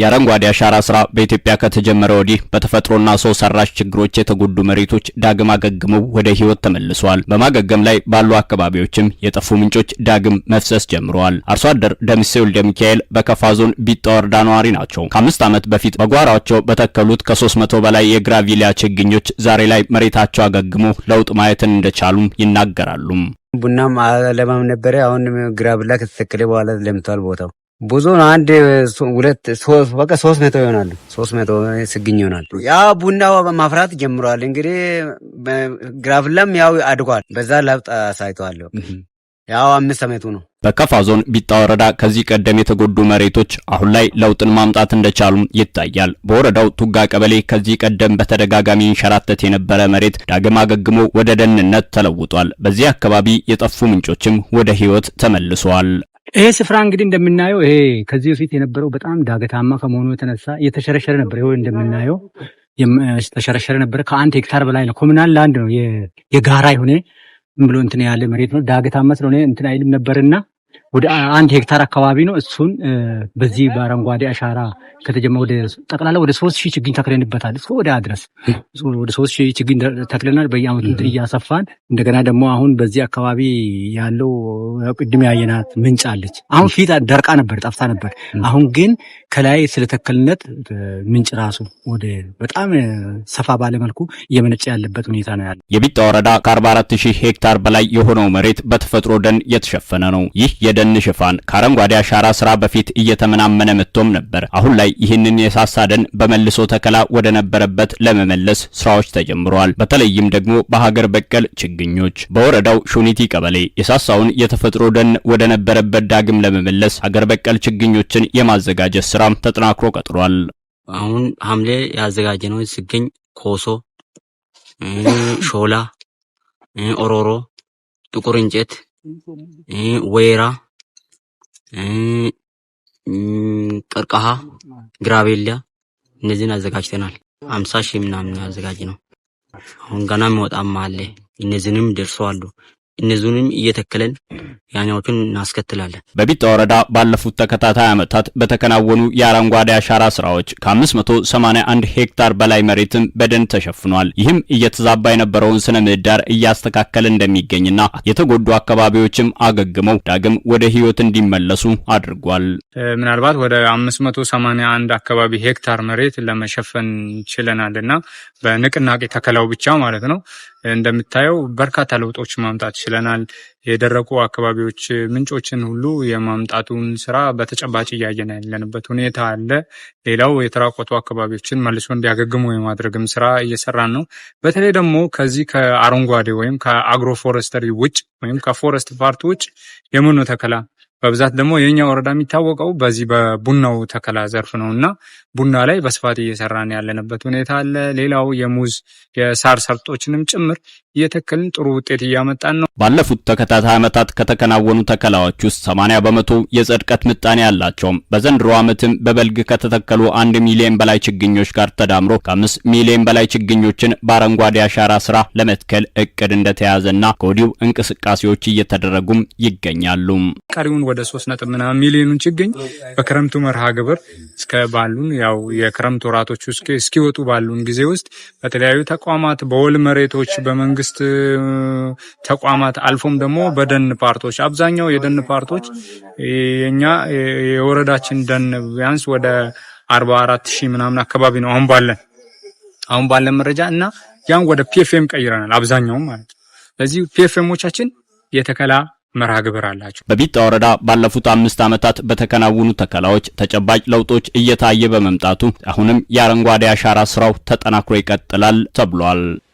የአረንጓዴ አሻራ ስራ በኢትዮጵያ ከተጀመረ ወዲህ በተፈጥሮና ሰው ሰራሽ ችግሮች የተጎዱ መሬቶች ዳግም አገግመው ወደ ህይወት ተመልሰዋል። በማገገም ላይ ባሉ አካባቢዎችም የጠፉ ምንጮች ዳግም መፍሰስ ጀምረዋል። አርሶ አደር ደምሴ ወልደ ሚካኤል በከፋ ዞን ቢጣ ወረዳ ነዋሪ ናቸው። ከአምስት ዓመት በፊት በጓሯቸው በተከሉት ከሶስት መቶ በላይ የግራቪሊያ ችግኞች ዛሬ ላይ መሬታቸው አገግሞ ለውጥ ማየትን እንደቻሉም ይናገራሉ። ቡናም ለማም ነበረ። አሁን ግራቪላ ከተተከለ በኋላ ለምቷል ቦታው ብዙን አንድ ሁለት ሶስት በቃ ሶስት መቶ ይሆናሉ። ሶስት መቶ ስግኝ ይሆናሉ። ያ ቡና ማፍራት ጀምረዋል። እንግዲህ ግራፍለም ያው አድጓል። በዛ ለብጥ አሳይተዋለሁ። ያው አምስት አመቱ ነው። በከፋ ዞን ቢጣ ወረዳ ከዚህ ቀደም የተጎዱ መሬቶች አሁን ላይ ለውጥን ማምጣት እንደቻሉም ይታያል። በወረዳው ቱጋ ቀበሌ ከዚህ ቀደም በተደጋጋሚ ይንሸራተት የነበረ መሬት ዳግም አገግሞ ወደ ደንነት ተለውጧል። በዚህ አካባቢ የጠፉ ምንጮችም ወደ ህይወት ተመልሰዋል። ይሄ ስፍራ እንግዲህ እንደምናየው ይሄ ከዚህ በፊት የነበረው በጣም ዳገታማ ከመሆኑ የተነሳ የተሸረሸረ ነበር። ይኸው እንደምናየው የተሸረሸረ ነበረ። ከአንድ ሄክታር በላይ ነው። ኮምናል ለአንድ ነው የጋራ የሆነ ብሎ እንትን ያለ መሬት ነው። ዳገታማ ስለሆነ እንትን አይልም ነበርና ወደ አንድ ሄክታር አካባቢ ነው። እሱን በዚህ በአረንጓዴ አሻራ ከተጀመረ ወደ ጠቅላላ ወደ ሶስት ሺህ ችግኝ ተክለንበታል። እስከ ወደ ድረስ ወደ ሶስት ሺህ ችግኝ ተክለናል። በየአመቱ እያሰፋን እንደገና ደግሞ አሁን በዚህ አካባቢ ያለው ቅድም ያየናት ምንጭ አለች። አሁን ፊት ደርቃ ነበር፣ ጠፍታ ነበር። አሁን ግን ከላይ ስለ ምንጭ ራሱ ወደ በጣም ሰፋ ባለመልኩ እየመነጨ ያለበት ሁኔታ ነው ያለ። የቢጣ ወረዳ ከ44 ሺህ ሄክታር በላይ የሆነው መሬት በተፈጥሮ ደን የተሸፈነ ነው። ይህ የደን ሽፋን ከአረንጓዴ አሻራ ስራ በፊት እየተመናመነ መጥቶም ነበር። አሁን ላይ ይህንን የሳሳ ደን በመልሶ ተከላ ወደ ነበረበት ለመመለስ ስራዎች ተጀምረዋል። በተለይም ደግሞ በሀገር በቀል ችግኞች በወረዳው ሹኒቲ ቀበሌ የሳሳውን የተፈጥሮ ደን ወደ ነበረበት ዳግም ለመመለስ ሀገር በቀል ችግኞችን የማዘጋጀት ስራም ተጠናክሮ ቀጥሏል። አሁን ሐምሌ ያዘጋጀ ነው ሲገኝ ኮሶ፣ ሾላ፣ ኦሮሮ፣ ጥቁር እንጨት፣ ወይራ፣ ቀርቀሃ፣ ግራቤላ እነዚህን አዘጋጅተናል። አምሳ ሺህ ምናምን ያዘጋጅ ነው። አሁን ገና የሚወጣም አለ። እነዚህንም ደርሰዋሉ። እነዚሁንም እየተከለን ያኛዎቹን እናስከትላለን። በቢጣ ወረዳ ባለፉት ተከታታይ ዓመታት በተከናወኑ የአረንጓዴ አሻራ ስራዎች ከ581 ሄክታር በላይ መሬትም በደን ተሸፍኗል። ይህም እየተዛባ የነበረውን ስነ ምህዳር እያስተካከለ እንደሚገኝና የተጎዱ አካባቢዎችም አገግመው ዳግም ወደ ህይወት እንዲመለሱ አድርጓል። ምናልባት ወደ 581 አካባቢ ሄክታር መሬት ለመሸፈን ችለናል እና በንቅናቄ ተከላው ብቻ ማለት ነው እንደምታየው በርካታ ለውጦች ማምጣት ችለናል። የደረቁ አካባቢዎች ምንጮችን ሁሉ የማምጣቱን ስራ በተጨባጭ እያየን ያለንበት ሁኔታ አለ። ሌላው የተራቆቱ አካባቢዎችን መልሶ እንዲያገግሙ የማድረግም ስራ እየሰራን ነው። በተለይ ደግሞ ከዚህ ከአረንጓዴ ወይም ከአግሮፎረስተሪ ውጭ ወይም ከፎረስት ፓርት ውጭ የመኖ ተከላ በብዛት ደግሞ የኛ ወረዳ የሚታወቀው በዚህ በቡናው ተከላ ዘርፍ ነው እና ቡና ላይ በስፋት እየሰራን ያለንበት ሁኔታ አለ። ሌላው የሙዝ የሳር ሰርጦችንም ጭምር እየተከልን ጥሩ ውጤት እያመጣን ነው። ባለፉት ተከታታይ ዓመታት ከተከናወኑ ተከላዎች ውስጥ 80 በመቶ የጽድቀት ምጣኔ ያላቸው በዘንድሮ ዓመትም በበልግ ከተተከሉ አንድ ሚሊዮን በላይ ችግኞች ጋር ተዳምሮ ከአምስት ሚሊዮን በላይ ችግኞችን በአረንጓዴ አሻራ ስራ ለመትከል እቅድ እንደተያዘና ከወዲሁ እንቅስቃሴዎች እየተደረጉም ይገኛሉ። ቀሪውን ወደ ሶስት ነጥብ ምናምን ሚሊዮኑን ችግኝ በክረምቱ መርሃ ግብር እስከ ባሉን ያው የክረምት ወራቶች እስኪወጡ ባሉን ጊዜ ውስጥ በተለያዩ ተቋማት በወል መሬቶች በመንግስት የመንግስት ተቋማት አልፎም ደግሞ በደን ፓርቶች አብዛኛው የደን ፓርቶች የኛ የወረዳችን ደን ቢያንስ ወደ አርባ አራት ሺህ ምናምን አካባቢ ነው አሁን ባለን አሁን ባለን መረጃ እና ያን ወደ ፒኤፍኤም ቀይረናል አብዛኛውም ማለት ነው። ስለዚህ ፒኤፍኤሞቻችን የተከላ መርሃ ግብር አላቸው። በቢጣ ወረዳ ባለፉት አምስት ዓመታት በተከናወኑ ተከላዎች ተጨባጭ ለውጦች እየታየ በመምጣቱ አሁንም የአረንጓዴ አሻራ ስራው ተጠናክሮ ይቀጥላል ተብሏል።